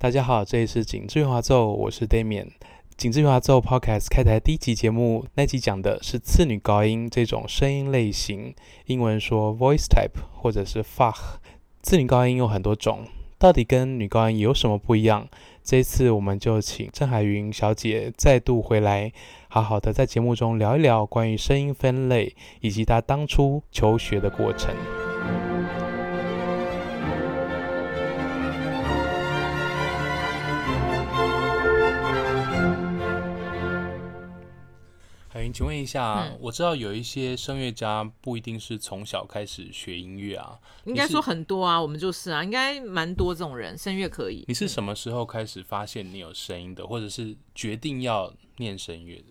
大家好，這裡是緊緻圓滑奏，我是 Damian。緊緻圓滑奏 Podcast 開台第一集節目，那集講的是次女高音這種聲音類型，英文說 voice type 或者是 Fach。次女高音有很多種，到底跟女高音有什麼不一樣？這一次我們就請鄭海芸小姐再度回來，好好的在節目中聊一聊關於聲音分類，以及她當初求學的過程。請問一下、嗯，我知道有一些聲樂家不一定是從小開始學音樂啊，應該說很多啊，我們就是啊，應該蠻多這種人聲樂可以。你是什麼時候開始發現你有聲音的、嗯，或者是決定要念聲樂的？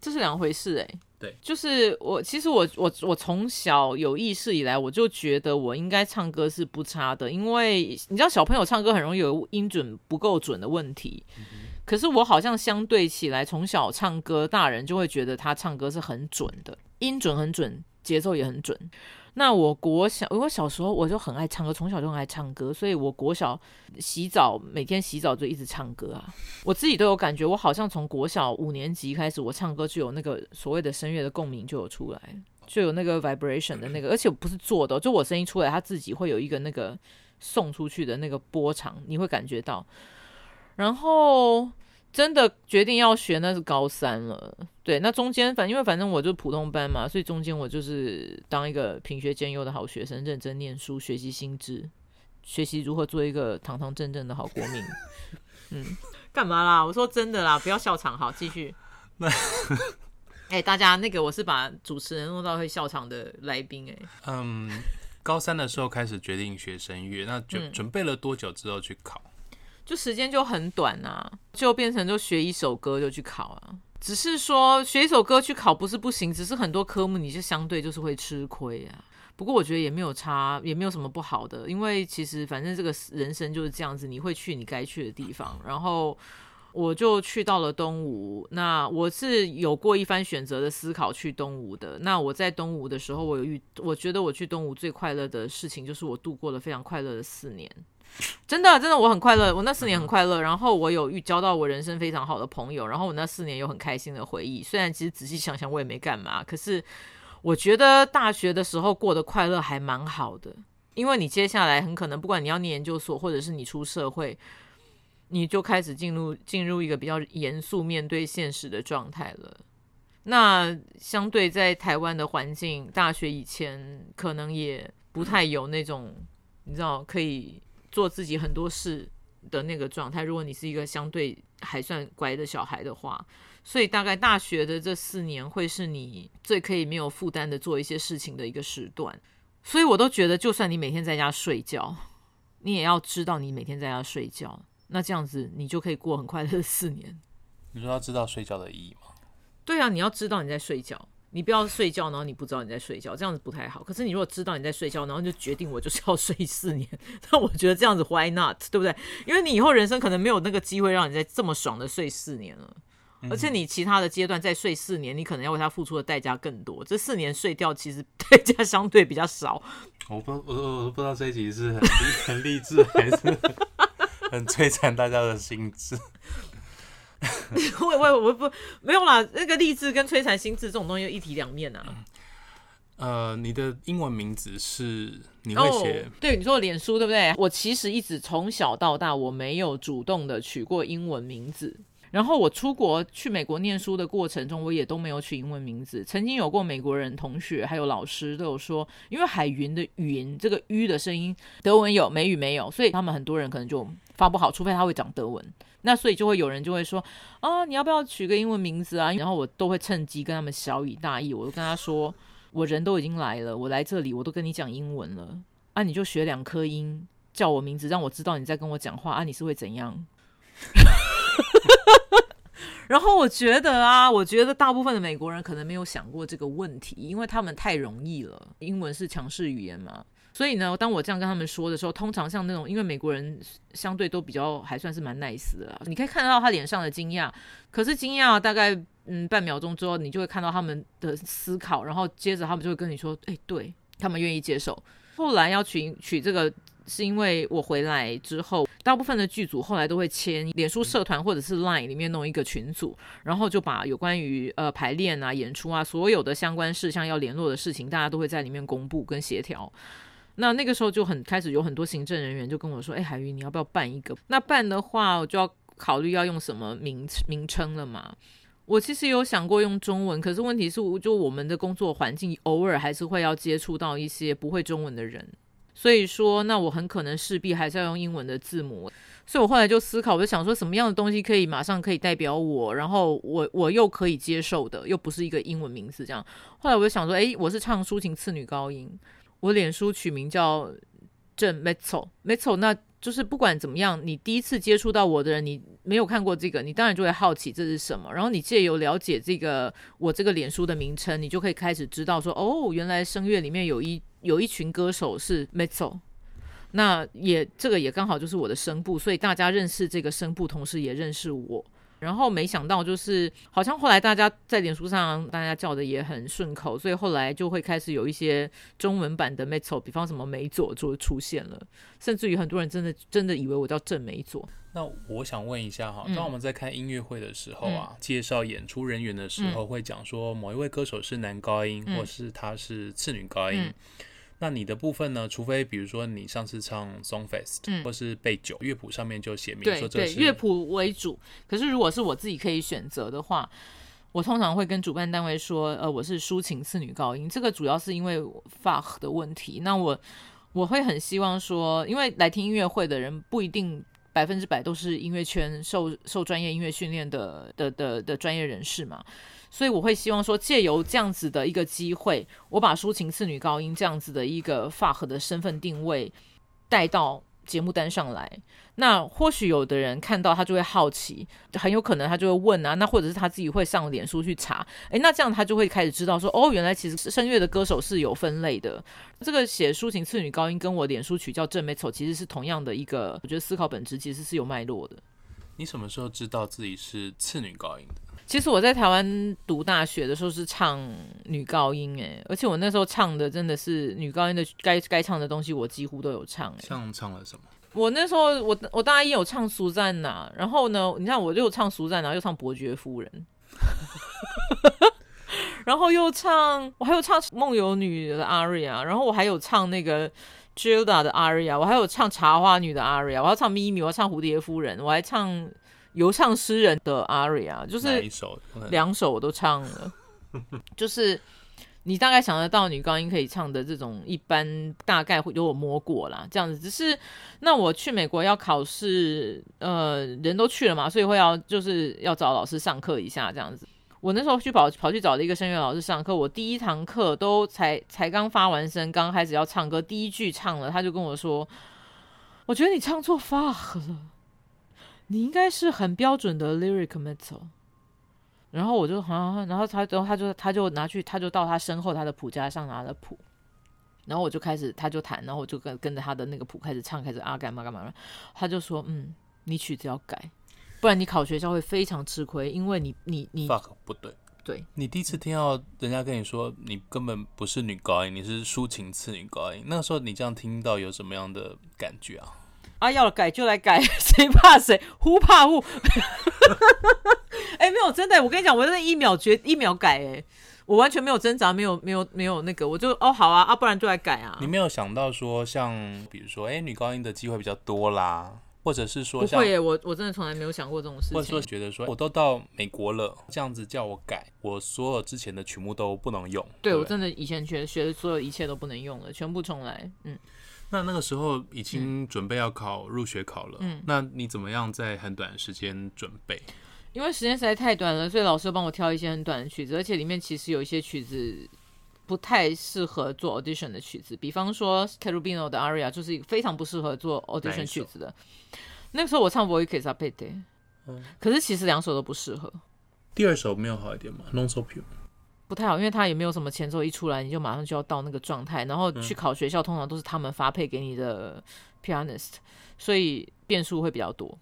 這是兩回事哎、欸。對，就是我，其實我我我從小有意識以來，我就覺得我應該唱歌是不差的，因為你知道小朋友唱歌很容易有音準不夠準的問題。嗯可是我好像相對起來，從小唱歌，大人就會覺得他唱歌是很準的，音準很準，節奏也很準。那我國小，我小時候我就很愛唱歌，從小就很愛唱歌，所以我國小洗澡，每天洗澡就一直唱歌啊。我自己都有感覺，我好像從國小五年級開始，我唱歌就有那個所謂的聲樂的共鳴就有出來，就有那個 vibration 的那個，而且不是做的哦，就我聲音出來，他自己會有一個那個送出去的那個波長，你會感覺到。然後真的決定要學，那是高三了。對，那中間反因為反正我就普通班嘛，所以中間我就是當一個品學兼優的好學生，認真念書，學習心智，學習如何做一個堂堂正正的好國民。 嗯，幹嘛啦？我說真的啦，不要笑場，好，繼續。那， 哎，大家那個我是把主持人弄到會笑場的來賓哎、欸。嗯，高三的時候開始決定學聲樂，那準、嗯、準備了多久之後去考？就時間就很短啊，就變成就學一首歌就去考啊。只是說學一首歌去考不是不行，只是很多科目你就相對就是會吃虧啊。不過我覺得也沒有差，也沒有什麼不好的，因為其實反正這個人生就是這樣子，你會去你該去的地方。然後我就去到了東吳，那我是有過一番選擇的思考去東吳的。那我在東吳的時候，我有遇，我覺得我去東吳最快樂的事情就是我度過了非常快樂的四年。 真的，真的，我很快樂。我那四年很快樂，然後我有遇交到我人生非常好的朋友，然後我那四年有很開心的回憶。雖然其實仔細想想，我也沒幹嘛，可是我覺得大學的時候過得快樂還蠻好的，因為你接下來很可能不管你要念研究所，或者是你出社會，你就開始進入，進入一個比較嚴肅面對現實的狀態了。那相對在台灣的環境，大學以前可能也不太有那種，你知道，可以。做自己很多事的那個狀態，如果你是一個相對還算乖的小孩的話，所以大概大學的這四年會是你最可以沒有負擔的做一些事情的一個時段。所以我都覺得，就算你每天在家睡覺，你也要知道你每天在家睡覺，那這樣子你就可以過很快樂的四年。你說要知道睡覺的意義嗎？對啊，你要知道你在睡覺。你不要睡覺，然後你不知道你在睡覺，這樣子不太好。可是你如果知道你在睡覺，然後你就決定我就是要睡四年，那我覺得這樣子 why not，對不對？因為你以後人生可能沒有那個機會讓你再這麼爽的睡四年了，嗯，而且你其他的階段再睡四年，你可能要為他付出的代價更多。這四年睡覺其實代價相對比較少。我不，我我我不知道這一集是很勵 志還是很摧殘大家的心智。 喂，我我不沒有啦，那個勵志跟摧殘心智這種東西一體兩面啊。呃，你的英文名字是你？你那些？對，你說臉書對不對？我其實一直從小到大，我沒有主動的取過英文名字。然後我出國去美國念書的過程中，我也都沒有取英文名字。曾經有過美國人同學還有老師都有說，因為海芸的芸這個 u 的聲音，德文有，美語沒有，所以他們很多人可能就發不好，除非他會講德文。那所以就會有人就會說，啊，你要不要取個英文名字啊？然後我都會趁機跟他們曉以大義，我就跟他說，我人都已經來了，我來這裡我都跟你講英文了，啊，你就學兩顆音，叫我名字，讓我知道你在跟我講話，啊，你是會怎樣？ 然後我覺得啊，我覺得大部分的美國人可能沒有想過這個問題，因為他們太容易了，英文是強勢語言嘛。所以呢，當我這樣跟他們說的時候，通常像那種，因為美國人相對都比較還算是蠻 nice 的，你可以看到他臉上的驚訝，可是驚訝大概嗯半秒鐘之後，你就會看到他們的思考，然後接着他們就會跟你說：“哎、欸，對他們願意接受。”後來要取取這個，是因為我回來之後，大部分的劇組後來都會簽臉書社團或者是 Line 裡面弄一個群組，然後就把有關於呃排練啊、演出啊所有的相關事項要聯絡的事情，大家都會在裡面公布跟協調。那那個時候就很開始有很多行政人員就跟我說：“哎、欸，海芸，你要不要辦一個？那辦的話，我就要考慮要用什麼名名稱了嘛。我其實有想過用中文，可是問題是，我就我們的工作環境偶爾還是會要接觸到一些不會中文的人，所以說，那我很可能勢必還是要用英文的字母。所以我後來就思考，我就想說什麼樣的東西可以馬上可以代表我，然後我我又可以接受的，又不是一個英文名字這樣。後來我就想說，哎、欸，我是唱抒情次女高音。”我的臉書取名叫鄭 Mezzo Mezzo。那就是不管怎麼樣，你第一次接觸到我的人，你沒有看過這個，你當然就會好奇這是什麼。然後你借由了解這個我這個臉書的名稱，你就可以開始知道說，哦，原來聲樂裡面有一有一群歌手是 Mezzo，那也這個也剛好就是我的聲部，所以大家認識這個聲部，同時也認識我。然後沒想到，就是好像後來大家在臉書上，大家叫的也很順口，所以後來就會開始有一些中文版的 metal，比方什麼梅佐就出現了，甚至於很多人真的真的以為我叫鄭梅佐。那我想問一下哈，當我們在開音樂會的時候啊、嗯，介紹演出人員的時候，會講說某一位歌手是男高音，嗯、或是他是次女高音。嗯嗯那你的部分呢？除非比如說你上次唱 Songfest、嗯、或是貝九樂譜上面就寫明說這個樂譜為主。可是如果是我自己可以選擇的話，我通常會跟主辦單位說，呃，我是抒情次女高音。這個主要是因為 Fach 的問題。那我我會很希望說，因為來聽音樂會的人不一定百分之百都是音樂圈受受專業音樂訓練的的的的的專業人士嘛。所以我會希望說，借由這樣子的一個機會，我把抒情次女高音這樣子的一個 Fach 的身份定位帶到節目單上來。那或許有的人看到他就會好奇，很有可能他就會問啊，那或者是他自己會上臉書去查，誒，那這樣他就會開始知道說，哦，原來其實是聲樂的歌手是有分類的。這個寫抒情次女高音跟我的臉書取叫鄭美丑其實是同樣的一個，我覺得思考本質其實是有脈絡的。你什麼時候知道自己是次女高音的？其實我在台灣讀大學的時候是唱女高音誒、欸，而且我那時候唱的真的是女高音的該該唱的東西，我幾乎都有唱誒、欸，唱唱了什麼？我那時候我我大一有唱蘇贊娜，然後呢，你看我又唱蘇珊娜，又唱伯爵夫人， 然後又唱，我還有唱夢遊女的阿瑞亞，然後我還有唱那個吉 d a 的阿瑞亞，我還有唱茶花女的阿瑞亞，我要唱咪咪，我要唱蝴蝶夫人，我還唱。遊唱詩人的 Aria，就是兩首我都唱了， 就是你大概想得到女高音可以唱的這種一般，大概會有我摸過啦，這樣子。只是那我去美國要考試，呃，人都去了嘛，所以會要就是要找老師上課一下這樣子。我那時候去跑跑去找了一個聲樂老師上課，我第一堂課都才才剛發完聲，剛開始要唱歌，第一句唱了，他就跟我說，我覺得你唱錯 Fach 了。你應該是很標準的 lyric mezzo，然後我就哈，然後他，然後他就他就拿去，他就到他身後他的譜架上拿了譜，然後我就開始，他就彈，然後我就跟跟着他的那個譜開始唱，開始啊，幹嘛幹嘛，他就說，嗯，你曲子要改，不然你考學校會非常吃虧，因為你你你你不對，對，你第一次聽到人家跟你說你根本不是女高音，你是抒情次女高音，那個時候你這樣聽到有什麼樣的感覺啊？他、啊、要改就來改，誰怕誰？呼怕呼！哎、 欸，沒有，真的，我跟你講，我真的一秒決，一秒改，哎，我完全沒有掙扎，沒有，沒有，沒有那個，我就哦，好啊，啊，不然就來改啊。你沒有想到說像，像比如說，哎、欸，女高音的機會比較多啦，或者是說像不會，我我真的從來沒有想過這種事情。或者說覺得說，我都到美國了，這樣子叫我改，我所有之前的曲目都不能用。對，對我真的以前覺得學學的所有一切都不能用了，全部重來，嗯。那那個時候已經準備要考入學考了，嗯，那你怎麼樣在很短的時間準備？因為時間實在太短了，所以老師幫我挑一些很短的曲子，而且裡面其實有一些曲子不太適合做 audition 的曲子，比方說 Cherubino 的 Aria 就是一個非常不適合做 audition 曲子的。那個時候我唱 Voi che sapete，、嗯、可是其實兩首都不適合。第二首沒有好一點嗎？Non so più。不太好，因為他也沒有什麼前奏，一出來你就馬上就要到那個狀態，然後去考學校，通常都是他們發配給你的 pianist，、嗯、所以變數會比較多。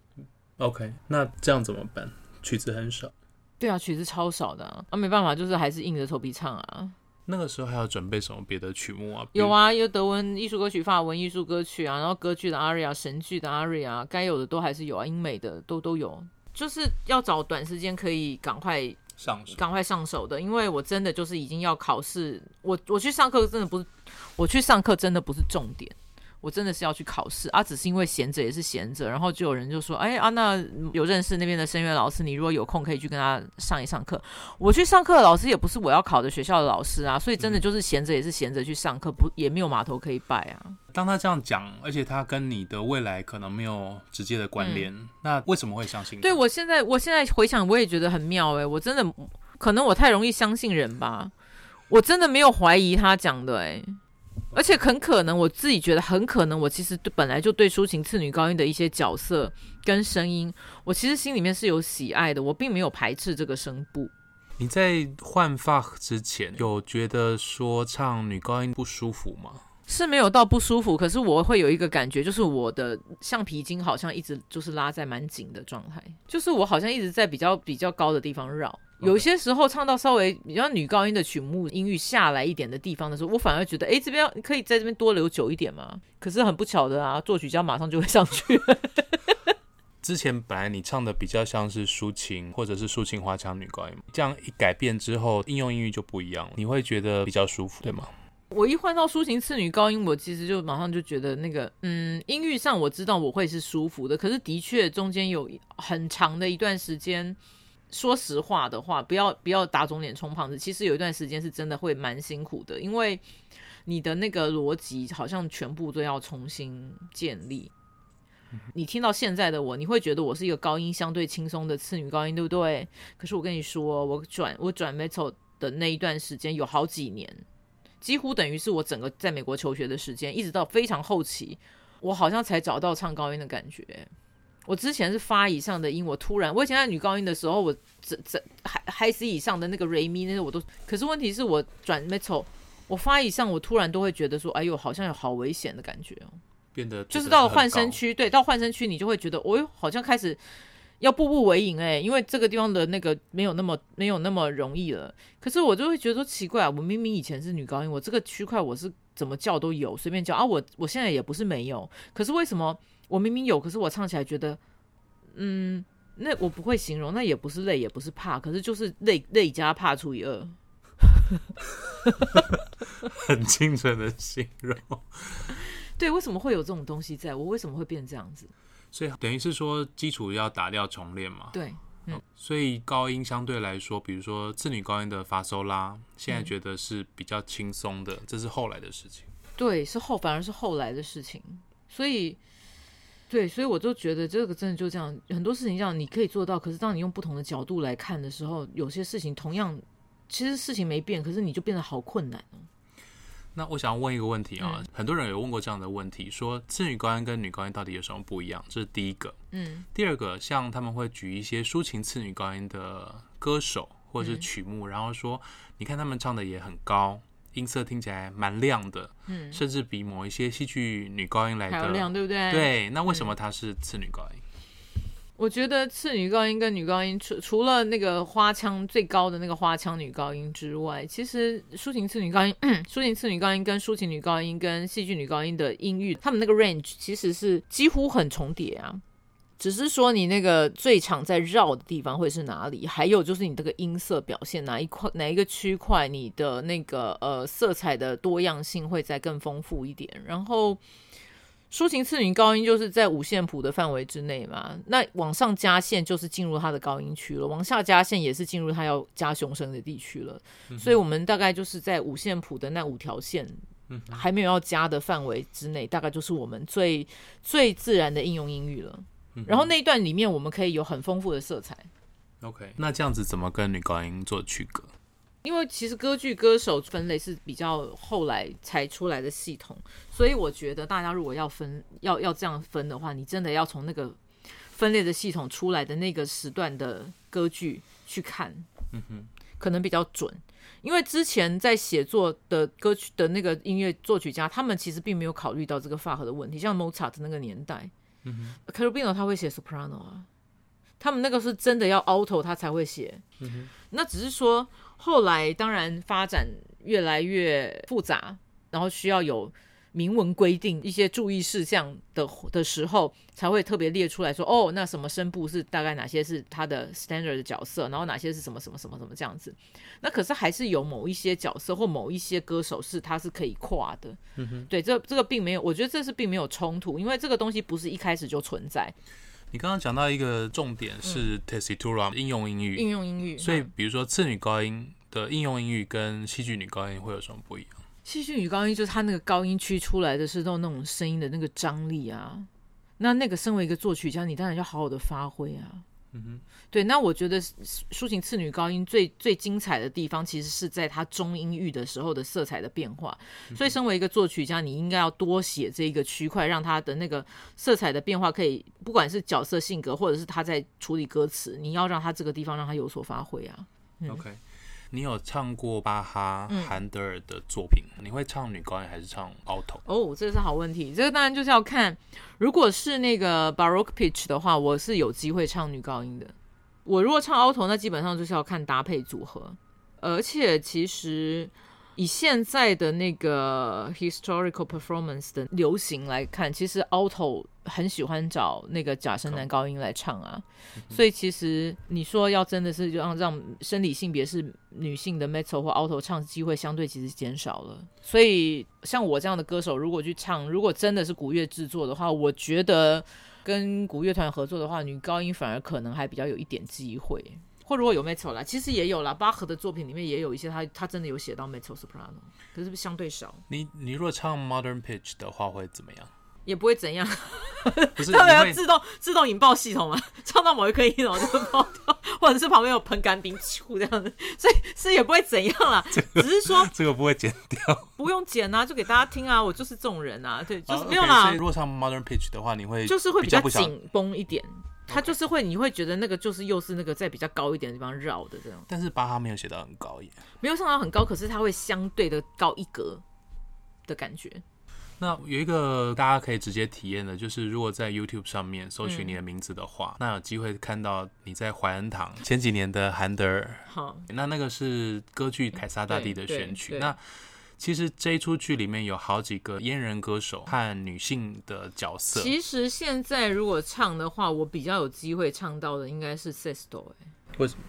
OK，那這樣怎麼辦？曲子很少。對啊，曲子超少的啊，啊沒辦法，就是還是硬着頭皮唱啊。那個時候還要準備什麼別的曲目啊？有啊，有德文藝術歌曲、法文藝術歌曲啊，然後歌劇的 aria、神劇的 aria，該有的都還是有啊，英美的都都有。就是要找短時間可以趕快。上手，趕快上手的，因為我真的就是已經要考試，我我去上課真的不是，我去上課真的不是重點。我真的是要去考試，啊，只是因為閒着也是閒着，然後就有人就說，哎、欸、啊，那有認識那邊的聲樂老師，你如果有空可以去跟他上一上課。我去上課的老師也不是我要考的學校的老師啊，所以真的就是閒着也是閒着去上課，不也沒有碼頭可以拜啊。當他這樣講，而且他跟你的未來可能沒有直接的關聯、嗯，那為什麼會相信？對我現在我現在回想，我也覺得很妙哎、欸，我真的可能我太容易相信人吧，我真的沒有懷疑他講的哎、欸。而且很可能，我自己覺得很可能，我其實對本來就對抒情次女高音的一些角色跟聲音，我其實心裡面是有喜愛的，我並沒有排斥這個聲部。你在換發之前有覺得說唱女高音不舒服嗎？是沒有到不舒服，可是我會有一個感覺，就是我的橡皮筋好像一直就是拉在蠻緊的狀態，就是我好像一直在比較比較高的地方繞。Okay. 有些時候唱到稍微比較女高音的曲目音域下來一點的地方的時候，我反而覺得，哎、欸，這邊可以在這邊多留久一點嗎？可是很不巧的啊，作曲家馬上就會上去。 之前本來你唱的比較像是抒情或者是抒情花腔女高音，這樣一改變之後，應用音域就不一樣了，你會覺得比較舒服，對嗎？我一換到抒情次女高音，我其實就馬上就覺得那個，嗯，音域上我知道我會是舒服的，可是的確中間有很長的一段時間，說實話的話，不要不要打腫臉充胖子。其實有一段時間是真的會蠻辛苦的，因為你的那個邏輯好像全部都要重新建立。你聽到現在的我，你會覺得我是一個高音相對輕鬆的次女高音，對不對？可是我跟你說，我轉我轉 mezzo 的那一段時間有好幾年，幾乎等於是我整個在美國求學的時間，一直到非常後期，我好像才找到唱高音的感覺。我之前是發以上的音，我突然，我以前在女高音的時候，我這這 high high C 以上的那個 re mi 那個我都，可是問題是我轉 mezzo 我發以上，我突然都會覺得說，哎呦，好像有好危險的感覺哦，變得是就是到了換聲區，對，到換聲區你就會覺得，哎呦，好像開始要步步為營誒、欸。因為這個地方的那個沒有那麼沒有那麼容易了。可是我就會覺得說奇怪、啊、我明明以前是女高音，我這個區塊我是怎麼叫都有，隨便叫啊，我我現在也不是沒有，可是為什麼？我明明有，可是我唱起來覺得，嗯，那我不會形容，那也不是累，也不是怕，可是就是累累加怕除以二， 很清純的形容。 對，為什麼會有這種東西在我？為什麼會變這樣子？所以等於是說，基礎要打掉重練嘛。對，嗯。所以高音相對來說，比如說次女高音的發索拉，現在覺得是比較輕鬆的，嗯，這是後來的事情。對，是後，反而是後來的事情，所以。對，所以我就覺得這個真的就這樣，很多事情這樣你可以做到，可是當你用不同的角度來看的時候，有些事情同樣其實事情沒變，可是你就變得好困難。那我想問一個問題啊、哦嗯，很多人有問過這樣的問題，說次女高音跟女高音到底有什麼不一樣？這是第一個。嗯。第二個，像他們會舉一些抒情次女高音的歌手或者是曲目，嗯、然後說你看他們唱的也很高。音色聽起來蠻亮的，嗯，甚至比某一些戲劇女高音來得亮，對不對？對，那為什麼它是次女高音，嗯？我覺得次女高音跟女高音，除除了那個花腔最高的那個花腔女高音之外，其實抒情次女高音，抒情次女高音跟抒情女高音跟戲劇女高音的音域，他們那個 range 其實是幾乎很重疊啊。只是說你那個最常在繞的地方會是哪裡？還有就是你這個音色表現哪一塊、哪一個區塊，你的那個呃色彩的多樣性會再更豐富一點。然後抒情次女高音就是在五線譜的範圍之內嘛，那往上加線就是進入它的高音區了，往下加線也是進入它要加胸聲的地區了。所以，我們大概就是在五線譜的那五條線，還沒有要加的範圍之內， 大概就是我們最最自然的應用音域了。然後那一段裡面，我們可以有很豐富的色彩。OK，那這樣子怎麼跟女高音做區隔？因為其實歌劇歌手分類是比較後來才出來的系統，所以我覺得大家如果要分，要要這樣分的話，你真的要從那個分類的系統出來的那個時段的歌劇去看，嗯哼，可能比較準。因為之前在寫作的歌曲的那個音樂作曲家，他們其實並沒有考慮到這個 Fach 的問題，像 Mozart 那個年代。嗯，卡羅賓諾他會寫 soprano 啊，他們那個是真的要 alto 他才會寫。嗯、那只是說後來當然發展越來越複雜，然後需要有。明文規定一些注意事項的的時候，才會特別列出來說，哦，那什麼聲部是大概哪些是它的 standard 的角色，然後哪些是什麼什麼什麼什麼這樣子。那可是還是有某一些角色或某一些歌手是他是可以跨的。嗯哼，對，這這個並沒有，我覺得這是並沒有衝突，因為這個東西不是一開始就存在。你剛剛講到一個重點是 tessitura，嗯、應用英語，應用英語。所以比如說次女高音的應用英語跟戲劇女高音會有什麼不一樣？戲劇女高音就是她那個高音區出來的是到那種聲音的那個張力啊，那那個身為一個作曲家，你當然要好好的發揮啊。嗯哼，對。那我覺得抒情次女高音最最精彩的地方，其實是在她中音域的時候的色彩的變化。嗯、所以身為一個作曲家，你應該要多寫這一個區塊，讓她的那個色彩的變化可以，不管是角色性格，或者是她在處理歌詞，你要讓她這個地方讓她有所發揮啊。嗯。Okay. 你有唱過巴哈、韓德爾的作品？嗯。你會唱女高音還是唱 Alto？哦，這是好問題。這個當然就是要看，如果是那個 Baroque pitch 的話，我是有機會唱女高音的。我如果唱 Alto，那基本上就是要看搭配組合，而且其實。以現在的那個 historical performance 的流行來看，其實 alto 很喜歡找那個假聲男高音來唱啊、嗯，所以其實你說要真的是讓讓生理性別是女性的 mezzo 或 alto 唱機會相對其實減少了。所以像我這樣的歌手，如果去唱，如果真的是古樂製作的話，我覺得跟古樂團合作的話，女高音反而可能還比較有一點機會。或如果有 mezzo 啦，其實也有啦。巴赫的作品裡面也有一些他，他他真的有寫到 mezzo soprano，可是不是相對少。你你如果唱 modern pitch 的話會怎麼樣？也不會怎樣，他是 要自動自動引爆系統嘛？唱到某一個音然後就爆掉， 或者是旁邊有噴乾冰、吐這樣的，所以是也不會怎樣啦。 這個、只是說這個不會剪掉， 不用剪啊，就給大家聽啊，我就是這種人啊，對，uh, 就是不用啦 okay, 如果唱 modern pitch 的話，你會就是會比較緊繃一點。它就是會，okay。你會覺得那個就是又是那個在比較高一點的地方繞的這樣。但是巴哈沒有寫到很高耶，沒有上到很高，可是他會相對的高一格的感覺。那有一個大家可以直接體驗的，就是如果在 YouTube 上面搜尋你的名字的話，嗯、那有機會看到你在懷恩堂前幾年的韓德爾。好，那那個是歌劇《凱撒大帝》的選曲。那其實這一出劇裡面有好幾個閹人歌手和女性的角色。其實現在如果唱的話，我比較有機會唱到的應該是 Sesto、欸。為什麼？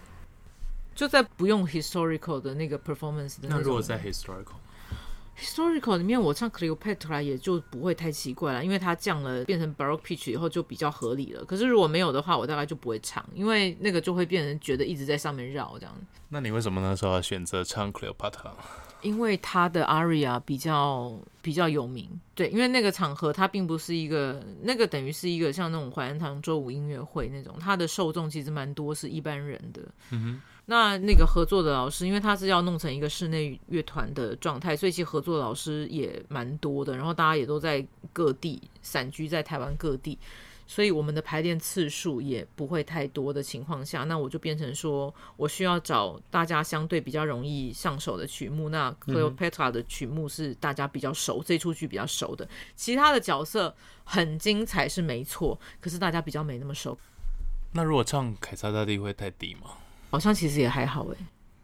就在不用 Historical 的那個 performance 那。那如果在 Historical，Historical historical 裡面，我唱 Cleopatra 也就不會太奇怪了，因為它降了變成 Baroque pitch 以後就比較合理了。可是如果沒有的話，我大概就不會唱，因為那個就會變成覺得一直在上面繞這樣。那你為什麼那時候選擇唱 Cleopatra？因為他的 aria 比較比較有名，對，因為那個場合它並不是一個，那個等於是一個像那種懷恩堂週五音樂會那種，它的受眾其實蠻多是一般人的。嗯哼，那那個合作的老師，因為他是要弄成一個室內樂團的狀態，所以其實合作老師也蠻多的，然後大家也都在各地散居在台灣各地，所以我們的排練次數也不會太多的情況下，那我就變成說，我需要找大家相對比較容易上手的曲目。那 Cleopatra 的曲目是大家比較熟，嗯、這出劇比較熟的。其他的角色很精彩是沒錯，可是大家比較沒那麼熟。那如果唱凱撒大帝會太低嗎？好像其實也還好誒、欸。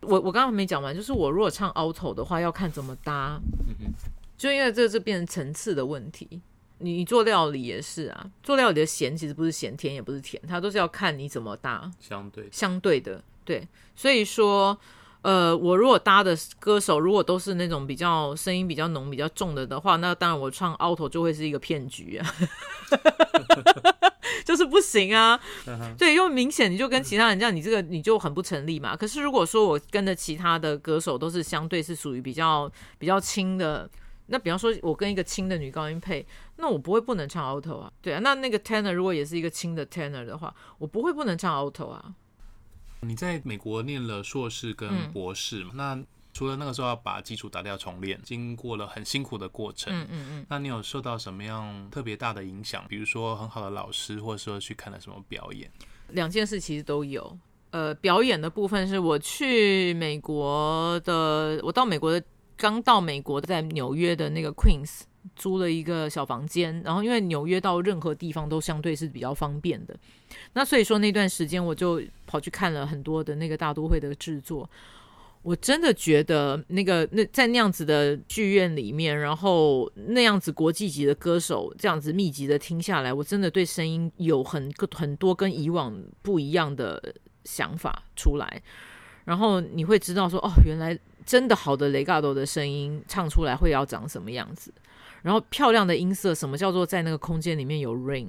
我我剛剛沒講完，就是我如果唱 Alto 的話，要看怎麼搭。嗯，就因為這這變成層次的問題。你做料理也是啊，做料理的鹹其實不是鹹，甜也不是甜，它都是要看你怎麼搭。相對，相對的，對。所以說，呃，我如果搭的歌手如果都是那種比較聲音比較濃、比較重的的話，那當然我唱 alto 就會是一個騙局啊， 就是不行啊。Uh -huh. 對，因為明顯你就跟其他人這樣，你這個你就很不成立嘛。可是如果說我跟着其他的歌手都是相對是屬於比較比較輕的，那比方說我跟一個輕的女高音配。那我不會不能唱 alto 啊，對啊，那那個 tenor 如果也是一個輕的 tenor 的話，我不會不能唱 alto 啊。你在美國念了碩士跟博士嘛，嗯？那除了那個時候要把基礎打掉重練，經過了很辛苦的過程，嗯嗯嗯。那你有受到什麼樣特別大的影響？比如說很好的老師，或者說去看了什麼表演？兩件事其實都有。呃，表演的部分是我去美國的，我到美國的，到美國的剛到美國，在紐約的那個 Queens。租了一個小房間，然後因為紐約到任何地方都相對是比較方便的，那所以說那段時間我就跑去看了很多的那個大都會的制作。我真的覺得那個那在那樣子的劇院裡面，然後那樣子國際級的歌手這樣子密集的聽下來，我真的對聲音有很很多跟以往不一樣的想法出來。然後你會知道說哦，原來真的好的 legato 的聲音唱出來會要長什麼樣子。然後漂亮的音色，什麼叫做在那個空間裡面有 ring？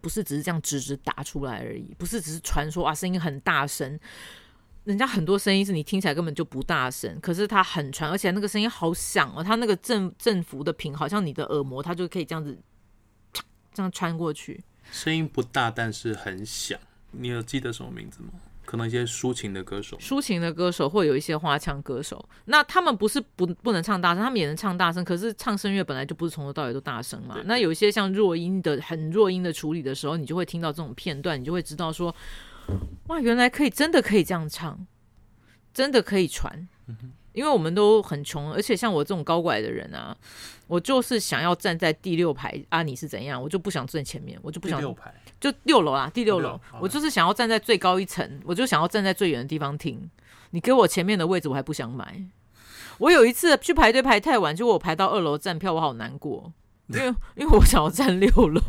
不是只是這樣直直打出來而已，不是只是傳說啊。聲音很大聲，人家很多聲音是你聽起來根本就不大聲，可是它很傳，而且那個聲音好響哦，它那個振振幅的頻好像你的耳膜它就可以這樣子這樣穿過去，聲音不大但是很響。你有記得什麼名字嗎？可能一些抒情的歌手，抒情的歌手，或有一些花腔歌手，那他們不是不不能唱大聲，他們也能唱大聲。可是唱聲樂本來就不是從頭到尾都大聲嘛。對對對，那有一些像弱音的、很弱音的處理的時候，你就會聽到這種片段，你就會知道說，哇，原來可以，真的可以這樣唱，真的可以傳。嗯因為我們都很窮，而且像我這種高個的人啊，我就是想要站在第六排啊，你是怎樣？我就不想站前面，我就不想六就六樓啊，第六樓，我就是想要站在最高一層，我就想要站在最遠的地方聽。你給我前面的位置，我還不想買。我有一次去排隊排太晚，結果我排到二樓站票，我好難過。因為因為我想要站六樓，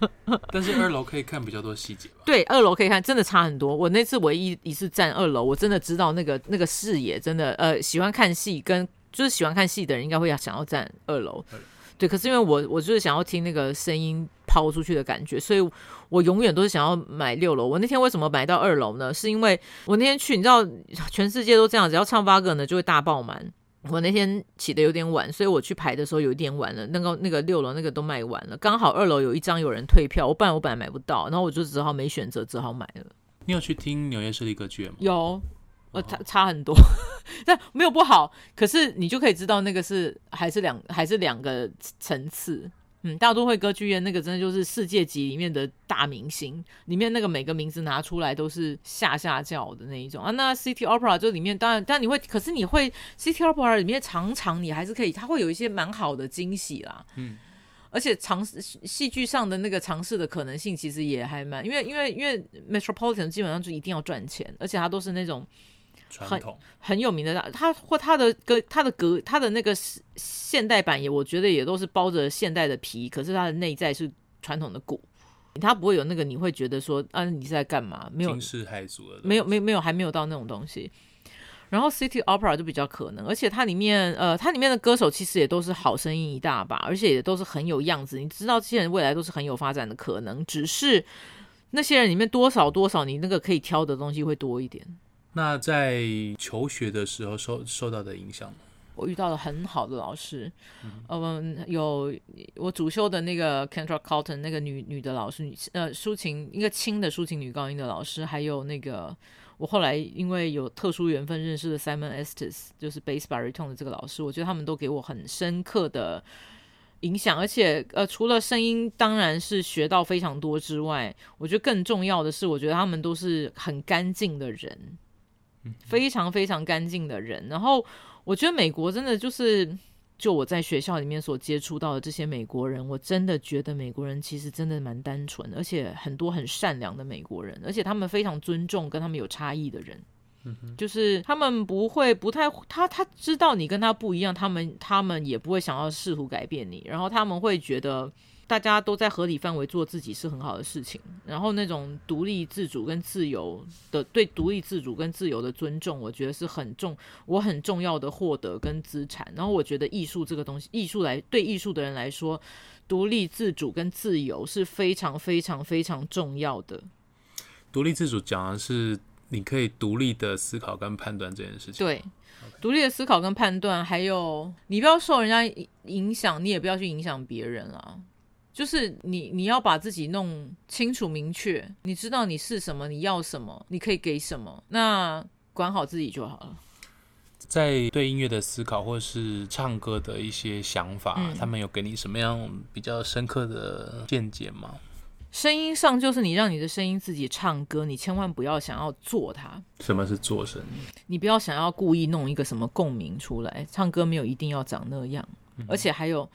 但是二樓可以看比較多細節吧？對，二樓可以看，真的差很多。我那次唯一一次站二樓，我真的知道那個那個視野真的，呃，喜歡看戲跟就是喜歡看戲的人應該會要想要站二樓。嗯。對，可是因為我我就是想要聽那個聲音拋出去的感覺，所以我永遠都是想要買六樓。我那天為什麼買到二樓呢？是因為我那天去，你知道全世界都這樣，只要唱八個呢就會大爆滿。我那天起得有點晚，所以我去排的時候有一點晚了。那個那個六樓那個都賣完了，剛好二樓有一張有人退票，我不然我本來買不到，然後我就只好沒選擇，只好買了。你有去聽紐約市立歌劇院嗎？有，我、oh. 差、啊、差很多， 但沒有不好。可是你就可以知道，那個是還是兩還是兩個層次。嗯，大都會歌劇院那個真的就是世界級裡面的大明星，裡面那個每個名字拿出來都是嚇嚇叫的那一種啊。那 City Opera 就裡面當然，但你會，可是你會 City Opera 裡面常常你還是可以，它會有一些蠻好的驚喜啦。嗯，而且嘗試戲劇上的那個嘗試的可能性其實也還蠻，因為因為因為 Metropolitan 基本上就一定要賺錢，而且它都是那種。統，很很有名的他或他的歌他的歌他的，的那個是現代版，也我覺得也都是包着現代的皮，可是他的內在是傳統的骨，他不會有那個你會覺得說啊，你在幹嘛？沒有驚世駭俗的沒有沒有還沒有到那種東西。然後 City Opera 就比較可能，而且它裡面呃它裡面的歌手其實也都是好聲音一大把，而且也都是很有樣子。你知道這些人未來都是很有發展的可能，只是那些人裡面多少多少你那個可以挑的東西會多一點。那在求學的時候受、受受到的影響，我遇到了很好的老師，嗯，呃、有我主修的那個 Kendra Carlton 那個女女的老師，呃，抒情一個輕的抒情女高音的老師，還有那個我後來因為有特殊緣分認識的 Simon Estes，就是 Bass Baritone 的這個老師，我覺得他們都給我很深刻的影響，而且呃，除了聲音當然是學到非常多之外，我覺得更重要的是，我覺得他們都是很乾淨的人。 非常非常乾淨的人，然後我覺得美國真的就是，就我在學校裡面所接觸到的這些美國人，我真的覺得美國人其實真的蠻單純，而且很多很善良的美國人，而且他們非常尊重跟他們有差異的人， 就是他們不會不太他，他知道你跟他不一樣，他們他們也不會想要試圖改變你，然後他們會覺得。大家都在合理範圍做自己是很好的事情。然後那種獨立自主跟自由的對，獨立自主跟自由的尊重，我覺得是很重，我很重要的獲得跟資產。然後我覺得藝術這個東西，藝術來對藝術的人來說，獨立自主跟自由是非常非常非常重要的。獨立自主講的是你可以獨立的思考跟判斷這件事情。對，okay. 獨立的思考跟判斷，還有你不要受人家影響，你也不要去影響別人了。就是你，你要把自己弄清楚、明確，你知道你是什麼，你要什麼，你可以給什麼，那管好自己就好了。在對音樂的思考，或是唱歌的一些想法、嗯，他們有給你什麼樣比較深刻的見解嗎？聲音上就是你讓你的聲音自己唱歌，你千萬不要想要做它。什麼是做聲音？你不要想要故意弄一個什麼共鳴出來。唱歌沒有一定要長那樣，嗯、而且還有。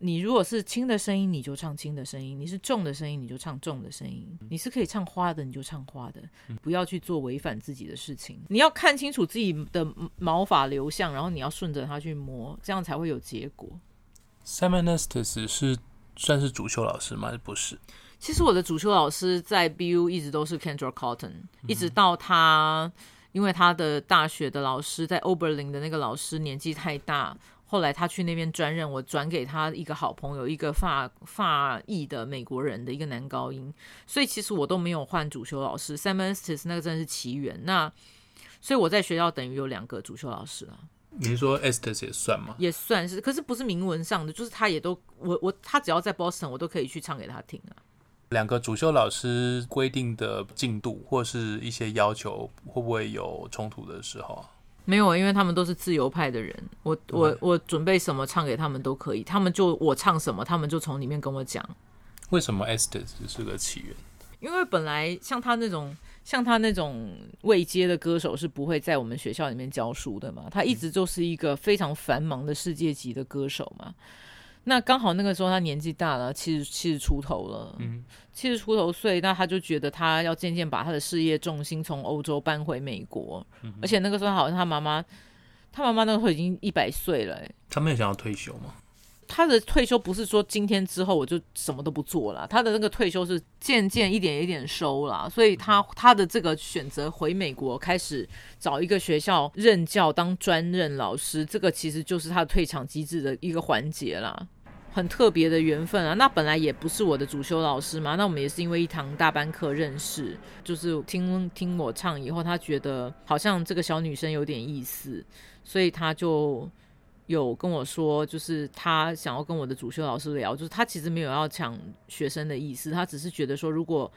你如果是輕的聲音，你就唱輕的聲音；你是重的聲音，你就唱重的聲音。你是可以唱花的，你就唱花的，不要去做違反自己的事情。嗯、你要看清楚自己的毛髮流向，然後你要順着它去磨，這樣才會有結果。Seminestus 是算是主修老師嗎？不是。其實我的主修老師在 BU 一直都是 Kendra Cotton、嗯、一直到他因為他的大學的老師在 Oberlin 的那個老師年紀太大。後來他去那邊專任，我轉給他一個好朋友，一個法法裔的美國人的一個男高音，所以其實我都沒有換主修老師。Simon Estes 那個真的是奇緣，那所以我在學校等於有兩個主修老師了。你是說 Estes 也算嗎？也算是，可是不是明文上的，就是他也都我我他只要在 Boston，我都可以去唱給他聽啊。兩個主修老師規定的進度或是一些要求，會不會有衝突的時候啊？沒有，因為他們都是自由派的人，我我我準備什麼唱給他們都可以，他們就我唱什麼，他們就從裡面跟我講。為什麼 Estes 就是個起源？因為本來像他那種像他那種位階的歌手是不會在我們學校裡面教書的嘛，他一直就是一個非常繁忙的世界級的歌手嘛。那剛好那個時候他年紀大了，七十七十出頭了，嗯，七十出頭歲，那他就覺得他要漸漸把他的事業重心從歐洲搬回美國，而且那個時候好像他媽媽，他媽媽那個時候已經一百歲了、欸，他沒有想要退休嗎？他的退休不是說今天之後我就什麼都不做了，他的那個退休是漸漸一點一點收了，所以他、嗯、他的這個選擇回美國開始找一個學校任教當專任老師，這個其實就是他的退場機制的一個環節啦。很特別的緣分啊，那本來也不是我的主修老師嘛，那我們也是因為一堂大班課認識，就是聽聽我唱以後，他覺得好像這個小女生有點意思，所以他就有跟我說，就是他想要跟我的主修老師聊，就是他其實沒有要搶學生的意思，他只是覺得說，如果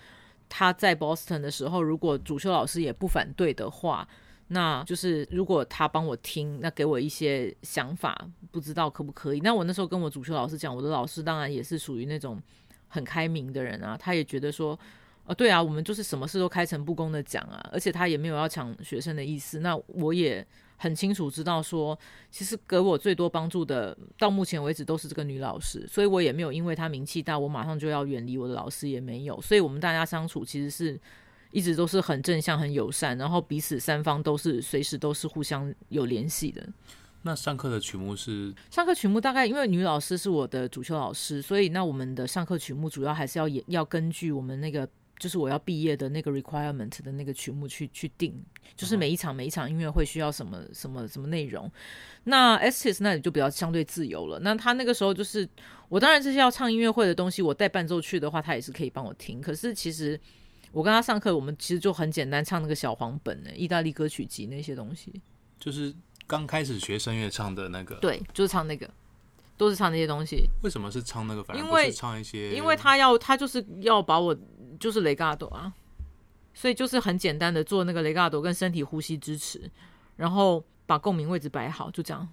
他在 Boston 的時候，如果主修老師也不反對的話。那就是如果他幫我聽，那給我一些想法，不知道可不可以？那我那時候跟我主修老師講，我的老師當然也是屬於那種很開明的人啊，他也覺得說，哦，對啊，我們就是什麼事都開誠布公的講啊，而且他也沒有要搶學生的意思。那我也很清楚知道說，其實給我最多幫助的，到目前為止都是這個女老師，所以我也沒有因為她名氣大，我馬上就要遠離我的老師也沒有，所以我們大家相處其實是。一直都是很正向、很友善，然後彼此三方都是隨時都是互相有聯繫的。那上課的曲目是？上課曲目大概，因為女老師是我的主修老師，所以那我們的上課曲目主要還是要也要根據我們那個就是我要畢業的那個 requirement 的那個曲目去去定，就是每一場、Uh-huh. 每一場音樂會需要什麼什麼什麼內容。那 Sis 那裡就比較相對自由了。那他那個時候就是我當然是要唱音樂會的東西，我帶伴奏去的話，他也是可以幫我聽。可是其實。我跟他上課，我們其實就很簡單，唱那個小黃本呢，意大利歌曲集那些東西，就是剛開始學聲樂唱的那個，對，就是唱那個，都是唱那些東西。為什麼是唱那個？因為唱一些，因為，因為他要他就是要把我就是雷嘎多啊，所以就是很簡單的做那個雷嘎多跟身體呼吸支持，然後把共鳴位置擺好，就這樣。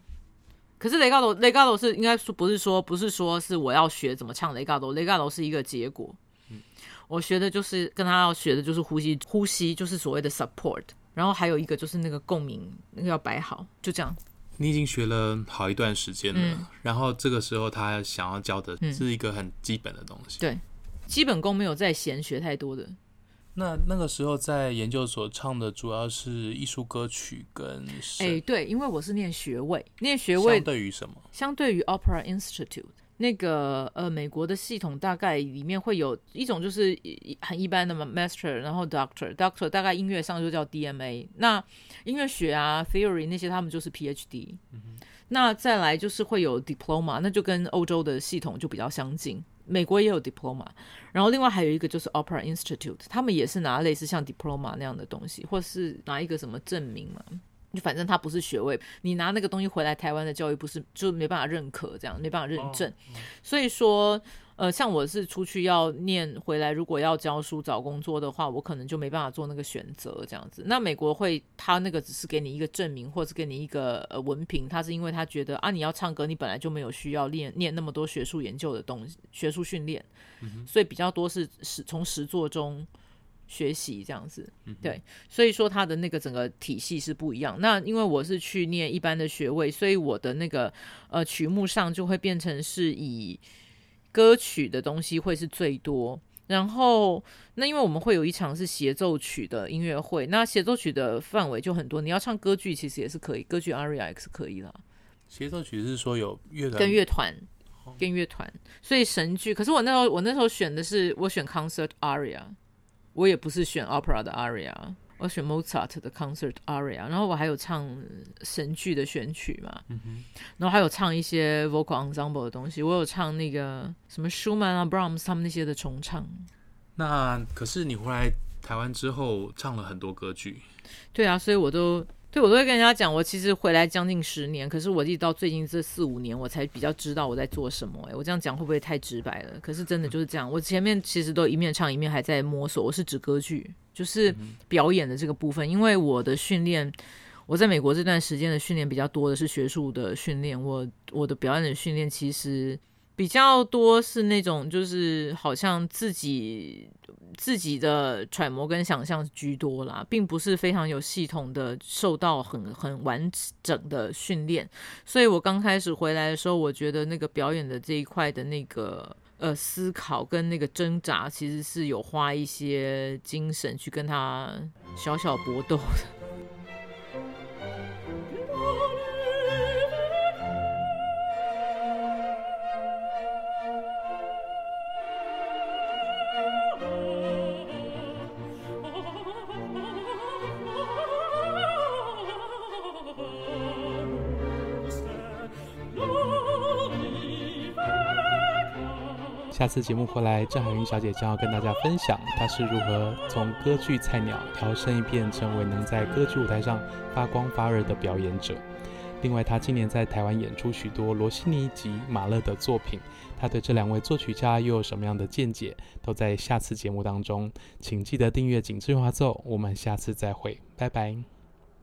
可是雷嘎多，雷嘎多是應該說不是說不是說是我要學怎麼唱雷嘎多，雷嘎多是一個結果。嗯我學的就是跟他要學的就是呼吸，呼吸就是所謂的 support，然後還有一個就是那個共鳴，那個，要擺好，就這樣。你已經學了好一段時間了，嗯，然後這個時候他想要教的是一個很基本的東西。嗯、對，基本功沒有再嫌學太多的。那那個時候在研究所唱的主要是藝術歌曲跟……哎，對，因為我是念學位，念學位相對於什麼？相對於 Opera Institute。那個呃，美國的系統大概裡面會有一種就是很一般的嘛，master，然後 doctor，doctor Doctor 大概音樂上就叫 DMA。那音樂學啊，theory 那些他們就是 PhD。嗯，那再來就是會有 diploma，那就跟歐洲的系統就比較相近。美國也有 diploma，然後另外還有一個就是 Opera Institute，他們也是拿類似像 diploma 那樣的東西，或是拿一個什麼證明嘛。反正他不是學位，你拿那個東西回來，台灣的教育，不是就沒辦法認可，這樣沒辦法認證。Wow. 所以說，呃，像我是出去要念回來，如果要教書找工作的話，我可能就沒辦法做那個選擇，這樣子。那美國會，他那個只是給你一個證明，或者給你一個文憑，他是因為他覺得啊，你要唱歌，你本來就沒有需要練念那麼多學術研究的東西，學術訓練，Mm-hmm. 所以比較多是是從實作中。學習這樣子，嗯，對，所以說他的那個整個體系是不一樣。那因為我是去念一般的學位，所以我的那個呃曲目上就會變成是以歌曲的東西會是最多。然後那因為我們會有一場是協奏曲的音樂會，那協奏曲的範圍就很多。你要唱歌劇其實也是可以，歌劇 aria 也是可以的。協奏曲是說有樂團跟樂團，哦，跟樂團，所以神劇。可是我那時候我那時候選的是我選 concert aria。我也不是選 opera 的 aria，我選 Mozart 的 concert aria，然後我還有唱神劇的選曲嘛，嗯、然後還有唱一些 vocal ensemble 的東西，我有唱那個什麼 Schumann 啊、Brahms 他們那些的重唱。那可是你回來台灣之後唱了很多歌劇，對啊，所以我都。對，我都會跟人家講，我其實回來將近十年，可是我一直到最近這四五年，我才比較知道我在做什麼。欸。誒，我這樣講會不會太直白了？可是真的就是這樣。我前面其實都一面唱一面還在摸索。我是指歌劇，就是表演的這個部分。因為我的訓練，我在美國這段時間的訓練比較多的是學術的訓練，我我的表演的訓練其實。比較多是那種，就是好像自己自己的揣摩跟想象居多啦，並不是非常有系統的受到很很完整的訓練。所以我剛開始回來的時候，我覺得那個表演的這一塊的那個呃思考跟那個掙扎，其實是有花一些精神去跟他小小搏鬥的。下次節目回來，鄭海芸小姐將要跟大家分享她是如何從歌劇菜鳥搖身一變，成為能在歌劇舞台上發光發熱的表演者。另外，她今年在台灣演出許多羅西尼及馬勒的作品，她對這兩位作曲家又有什麼樣的見解，都在下次節目當中，請記得訂閱《緊緻圓滑奏》，我們下次再會，拜拜。